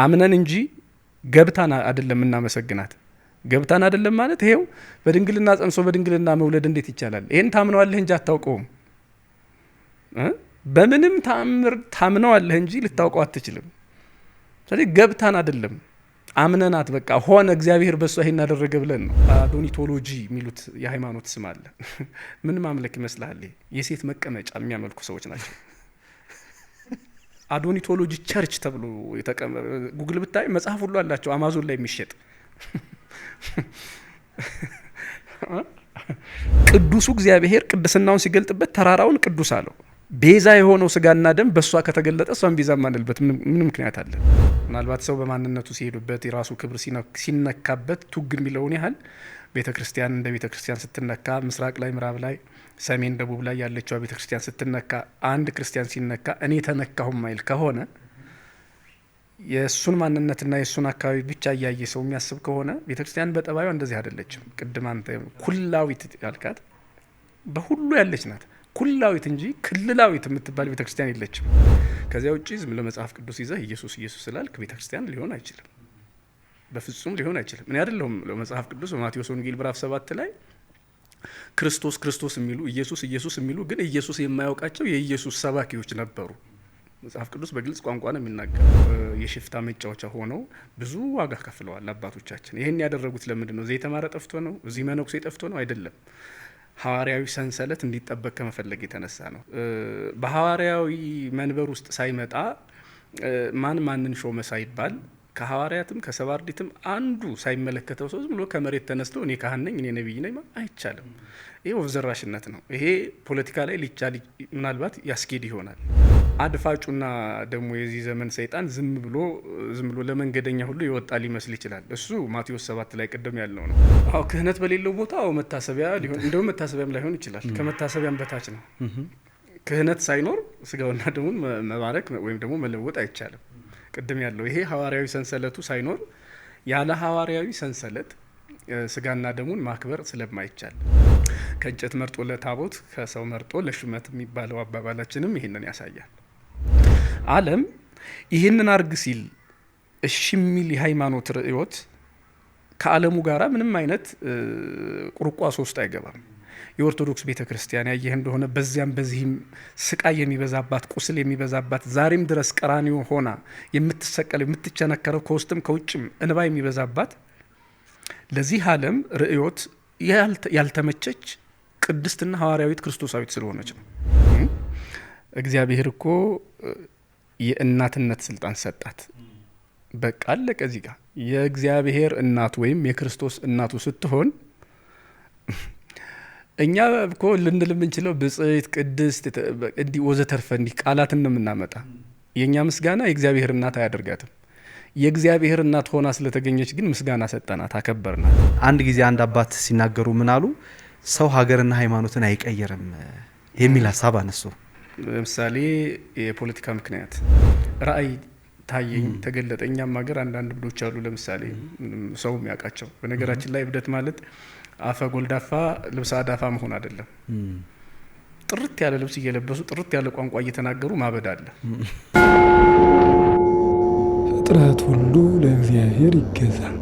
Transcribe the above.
አምነን እንጂ ገብታን አይደለም እናመሰግናት። ገብታን አይደለም ማለት ይሄው በድንግልና ጸንሶ በድንግልና መውለድ እንዴት ይቻላል? ይህን ታምነዋለህ እንጂ አታውቀውም። በምንም ተአምር ታምነዋለህ እንጂ ልታውቀው አትችልም። ስለዚህ ገብታን አይደለም አምነናት በቃ ሆነ እግዚአብሔር በእሷ ይሄን አደረገ ብለን ነው። አዶኒቶሎጂ የሚሉት የሃይማኖት ስም አለ። ምን ማምለክ ይመስልሃል? የሴት መቀመጫ የሚያመልኩ ሰዎች ናቸው። አዶኒቶሎጂ ቸርች ተብሎ ጉግል ብታይ መጽሐፍ ሁሉ አላቸው። አማዞን ላይ የሚሸጥ ቅዱሱ እግዚአብሔር ቅድስናውን ሲገልጥበት ተራራውን ቅዱስ አለው። ቤዛ የሆነው ስጋና ደም በእሷ ከተገለጠ እሷን ቤዛ ማንልበት ምን ምክንያት አለ? ምናልባት ሰው በማንነቱ ሲሄዱበት የራሱ ክብር ሲነካበት ቱግ የሚለውን ያህል ቤተ ክርስቲያን እንደ ቤተ ክርስቲያን ስትነካ ምስራቅ ላይ ምዕራብ ላይ ሰሜን ደቡብ ላይ ያለችው ቤተ ክርስቲያን ስትነካ አንድ ክርስቲያን ሲነካ እኔ ተነካሁም ማይል ከሆነ የእሱን ማንነትና የእሱን አካባቢ ብቻ እያየ ሰው የሚያስብ ከሆነ ቤተ ክርስቲያን በጠባዩ እንደዚህ አይደለችም። ቅድም አንተ ኩላዊት ያልካት በሁሉ ያለች ናት። ኩላዊት እንጂ ክልላዊት የምትባል ቤተ ክርስቲያን የለችም። ከዚያ ውጭ ዝም ለመጽሐፍ ቅዱስ ይዘህ ኢየሱስ ኢየሱስ ስላልክ ቤተ ክርስቲያን ሊሆን አይችልም። በፍጹም ሊሆን አይችልም። እኔ አይደለሁም መጽሐፍ ቅዱስ በማቴዎስ ወንጌል ምዕራፍ ሰባት ላይ ክርስቶስ ክርስቶስ የሚሉ ኢየሱስ ኢየሱስ የሚሉ ግን ኢየሱስ የማያውቃቸው የኢየሱስ ሰባኪዎች ነበሩ። መጽሐፍ ቅዱስ በግልጽ ቋንቋ ነው የሚናገረው። የሽፍታ መጫወቻ ሆነው ብዙ ዋጋ ከፍለዋል አባቶቻችን። ይህን ያደረጉት ለምንድን ነው? እዚህ የተማረ ጠፍቶ ነው? እዚህ መነኩሴ ጠፍቶ ነው? አይደለም። ሐዋርያዊ ሰንሰለት እንዲጠበቅ ከመፈለግ የተነሳ ነው። በሐዋርያዊ መንበር ውስጥ ሳይመጣ ማን ማንን ሾመ ሳይባል ከሐዋርያትም ከሰባርዲትም አንዱ ሳይመለከተው ሰው ዝም ብሎ ከመሬት ተነስቶ እኔ ካህን ነኝ እኔ ነቢይ ነኝ አይቻልም። ይሄ ወፍዘራሽነት ነው። ይሄ ፖለቲካ ላይ ሊቻል ምናልባት ያስኬድ ይሆናል። አድፋጩና ደግሞ የዚህ ዘመን ሰይጣን ዝም ብሎ ዝም ብሎ ለመንገደኛ ሁሉ የወጣ ሊመስል ይችላል። እሱ ማቴዎስ ሰባት ላይ ቅድም ያለው ነው። አዎ ክህነት በሌለው ቦታ መታሰቢያ ሊሆን እንደውም መታሰቢያም ላይሆን ይችላል። ከመታሰቢያም በታች ነው። ክህነት ሳይኖር ስጋውና ደሙን መባረክ ወይም ደግሞ መለወጥ አይቻልም። ቅድም ያለው ይሄ ሐዋርያዊ ሰንሰለቱ ሳይኖር ያለ ሐዋርያዊ ሰንሰለት ስጋና ደሙን ማክበር ስለማይቻል ከእንጨት መርጦ ለታቦት ከሰው መርጦ ለሹመት የሚባለው አባባላችንም ይህንን ያሳያል። ዓለም ይህንን አርግ ሲል እሺ የሚል የሃይማኖት ርእዮት ከዓለሙ ጋራ ምንም አይነት ቁርቋሶ ውስጥ አይገባም። የኦርቶዶክስ ቤተ ክርስቲያን ያየህ እንደሆነ በዚያም በዚህም ስቃይ የሚበዛባት ቁስል የሚበዛባት ዛሬም ድረስ ቀራኒዮ ሆና የምትሰቀለው የምትቸነከረው ከውስጥም ከውጭም እንባ የሚበዛባት ለዚህ ዓለም ርእዮት ያልተመቸች ቅድስትና ሐዋርያዊት ክርስቶሳዊት ስለሆነች ነው። እግዚአብሔር እኮ የእናትነት ስልጣን ሰጣት። በቃ አለቀ። እዚህ ጋር የእግዚአብሔር እናት ወይም የክርስቶስ እናቱ ስትሆን እኛ እኮ ልንል የምንችለው ብጽት ቅድስት እንዲህ ወዘተርፈ እንዲህ ቃላትን ነው የምናመጣ። የእኛ ምስጋና የእግዚአብሔር እናት አያደርጋትም። የእግዚአብሔር እናት ሆና ስለተገኘች ግን ምስጋና ሰጠናት፣ አከበርናት። አንድ ጊዜ አንድ አባት ሲናገሩ ምን አሉ? ሰው ሀገርና ሃይማኖትን አይቀየርም የሚል ሀሳብ አነሱ። ለምሳሌ የፖለቲካ ምክንያት ራእይ ታየኝ፣ ተገለጠ። እኛም ሀገር አንዳንድ እብዶች አሉ፣ ለምሳሌ ሰው የሚያውቃቸው። በነገራችን ላይ እብደት ማለት አፈ ጎልዳፋ ልብሰ አዳፋ መሆን አይደለም። ጥርት ያለ ልብስ እየለበሱ ጥርት ያለ ቋንቋ እየተናገሩ ማበድ አለ። ፍጥረት ሁሉ ለእግዚአብሔር ይገዛል።